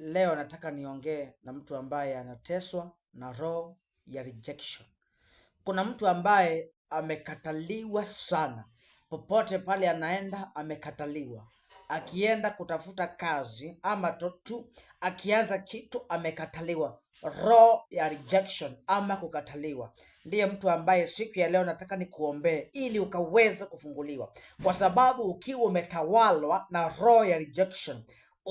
Leo nataka niongee na mtu ambaye anateswa na roho ya rejection. Kuna mtu ambaye amekataliwa sana, popote pale anaenda amekataliwa. Akienda kutafuta kazi ama tu akianza kitu amekataliwa, roho ya rejection ama kukataliwa. Ndiye mtu ambaye siku ya leo nataka nikuombee ili ukaweze kufunguliwa, kwa sababu ukiwa umetawalwa na roho ya rejection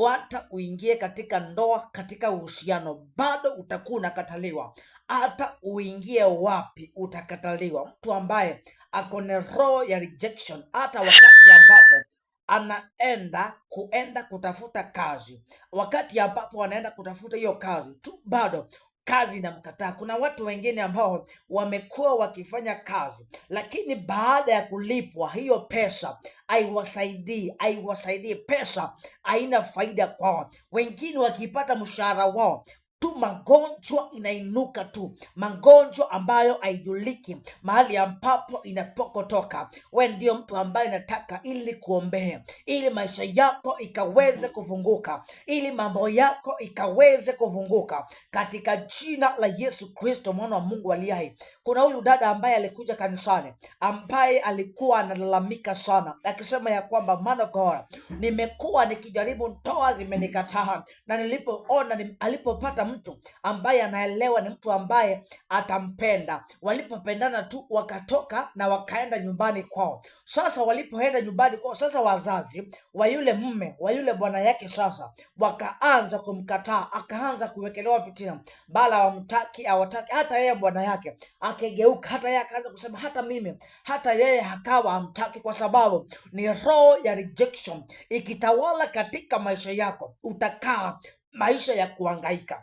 hata uingie katika ndoa, katika uhusiano, bado utakuwa unakataliwa. Hata uingie wapi, utakataliwa. Mtu ambaye ako na roho ya rejection, hata wakati ambapo anaenda kuenda kutafuta kazi, wakati ambapo anaenda kutafuta hiyo kazi tu, bado kazi inamkataa. Kuna watu wengine ambao wamekuwa wakifanya kazi, lakini baada ya kulipwa hiyo pesa haiwasaidii, haiwasaidii. Pesa haina faida kwao. Wengine wakipata mshahara wao tu magonjwa inainuka tu, magonjwa ambayo haijuliki mahali ambapo inapokotoka. We ndio mtu ambaye nataka ili kuombee ili maisha yako ikaweze kufunguka, ili mambo yako ikaweze kufunguka katika jina la Yesu Kristo, mwana wa Mungu aliye hai. Kuna huyu dada ambaye alikuja kanisani, ambaye alikuwa analalamika sana, akisema ya kwamba man of God, nimekuwa nikijaribu ndoa zimenikataa, na nilipoona alipopata mtu ambaye anaelewa ni mtu ambaye atampenda. Walipopendana tu wakatoka na wakaenda nyumbani kwao. Sasa walipoenda nyumbani kwao, sasa wazazi wa yule mume wa yule bwana yake sasa wakaanza kumkataa, akaanza kuwekelewa fitina, bala wamtaki awataki hata yeye bwana yake akigeuka, hata yeye akaanza kusema hata mimi, hata yeye akawa amtaki kwa sababu ni roho ya rejection ikitawala katika maisha yako, utakaa maisha ya kuangaika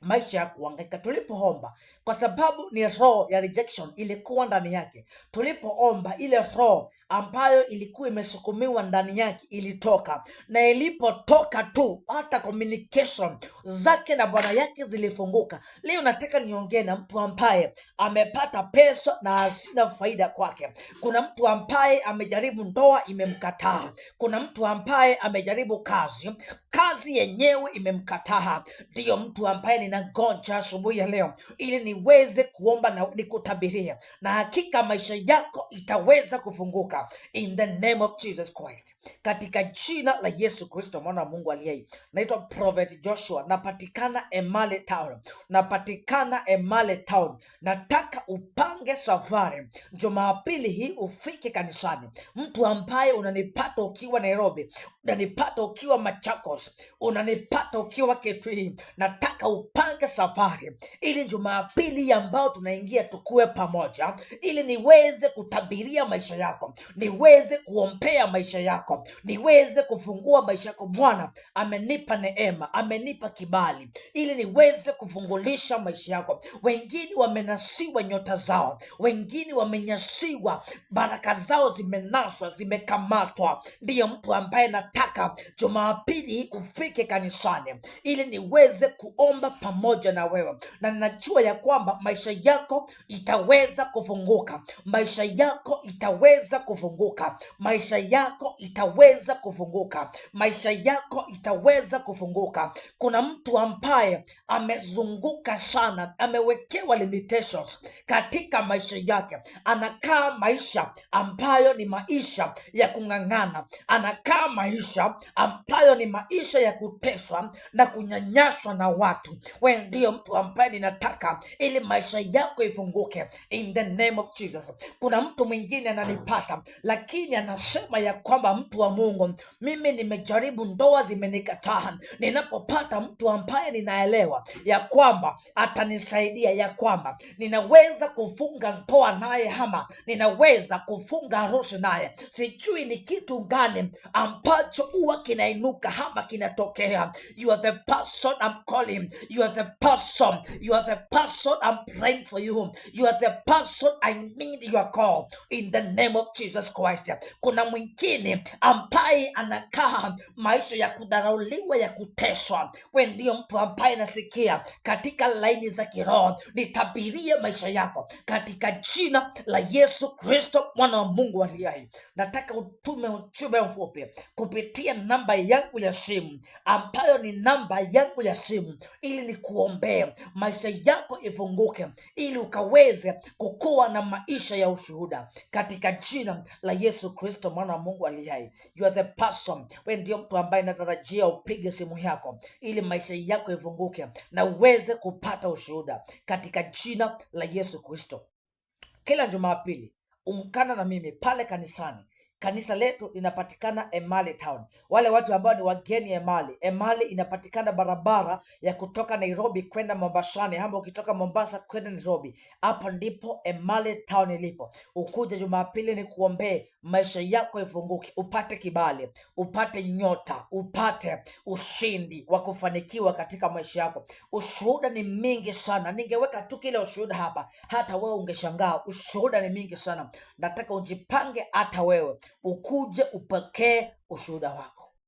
maisha ya kuangaika Tulipoomba, kwa sababu ni roho ya rejection ilikuwa ndani yake. Tulipoomba, ile roho ambayo ilikuwa imesukumiwa ndani yake ilitoka, na ilipotoka tu hata communication zake na bwana yake zilifunguka. Leo nataka niongee na mtu ambaye amepata pesa na hasina faida kwake. Kuna mtu ambaye amejaribu ndoa imemkataa. Kuna mtu ambaye amejaribu kazi, kazi yenyewe imemkataa. Ndiyo mtu ambaye gonja asubuhi ya leo ili niweze kuomba na nikutabirie, na hakika maisha yako itaweza kufunguka in the name of Jesus Christ, katika jina la Yesu Kristo mwana wa Mungu aliye. Naitwa Prophet Joshua na unapatikana Emale Town, unapatikana Emale Town. Nataka upange safari Jumapili hii ufike kanisani. Mtu ambaye unanipata ukiwa Nairobi, unanipata ukiwa Machakos, unanipata ukiwa Kitui. Nataka upange safari ili Jumapili ambao tunaingia tukue pamoja, ili niweze kutabiria maisha yako, niweze kuombea maisha yako, niweze kufungua maisha yako. Bwana amenipa neema, amenipa kibali ili niweze kufungulisha maisha yako. Wengine wamenasiwa nyota zao, wengine wamenyasiwa baraka zao, zimenaswa zimekamatwa. Ndiyo mtu ambaye na nataka jumaapili ufike kanisani ili niweze kuomba pamoja na wewe, na ninajua ya kwamba maisha yako itaweza kufunguka, maisha yako itaweza kufunguka, maisha yako itaweza kufunguka, maisha yako itaweza kufunguka. Kuna mtu ambaye amezunguka sana, amewekewa limitations katika maisha yake, anakaa maisha ambayo ni maisha ya kung'ang'ana, anakaa maisha maisha ambayo ni maisha ya kuteswa na kunyanyaswa na watu. We ndiyo mtu ambaye ninataka ili maisha yako ifunguke in the name of Jesus. Kuna mtu mwingine ananipata, lakini anasema ya kwamba mtu wa Mungu, mimi nimejaribu, ndoa zimenikataa. Ninapopata mtu ambaye ninaelewa ya kwamba atanisaidia, ya kwamba ninaweza kufunga ndoa naye ama ninaweza kufunga harusi naye, sijui ni kitu gani ambacho kinachoua kinainuka hapa kinatokea. You are the person I'm calling, you are the person, you are the person I'm praying for you, you are the person I need your call in the name of Jesus Christ. Kuna mwingine ambaye anakaa maisha ya kudharauliwa, ya kuteswa. We ndiyo mtu ambaye nasikia katika laini za kiroho, nitabiria maisha yako katika jina la Yesu Kristo, mwana wa Mungu aliye hai. Nataka utume uchube mfupi kupitia nitie namba yangu ya simu ambayo ni namba yangu ya simu, ili nikuombee maisha yako ifunguke, ili ukaweze kukuwa na maisha ya ushuhuda katika jina la Yesu Kristo, mwana wa Mungu aliye hai. You are the person, wewe ndio mtu ambaye natarajia upige simu yako ili maisha yako ifunguke na uweze kupata ushuhuda katika jina la Yesu Kristo. Kila Jumapili ungana na mimi pale kanisani Kanisa letu linapatikana Emali Town. Wale watu ambao ni wageni Emali, Emali inapatikana barabara ya kutoka Nairobi kwenda Mombasani, ama ukitoka Mombasa kwenda Nairobi. hapo ndipo Emali Town ilipo. ukuja Jumapili ni kuombee maisha yako ifunguke, upate kibali, upate nyota, upate ushindi wa kufanikiwa katika maisha yako. Ushuhuda ni mingi sana, ningeweka tu kile ushuhuda hapa, hata wewe ungeshangaa. Ushuhuda ni mingi sana, nataka ujipange hata wewe ukuje upokee ushuhuda wako.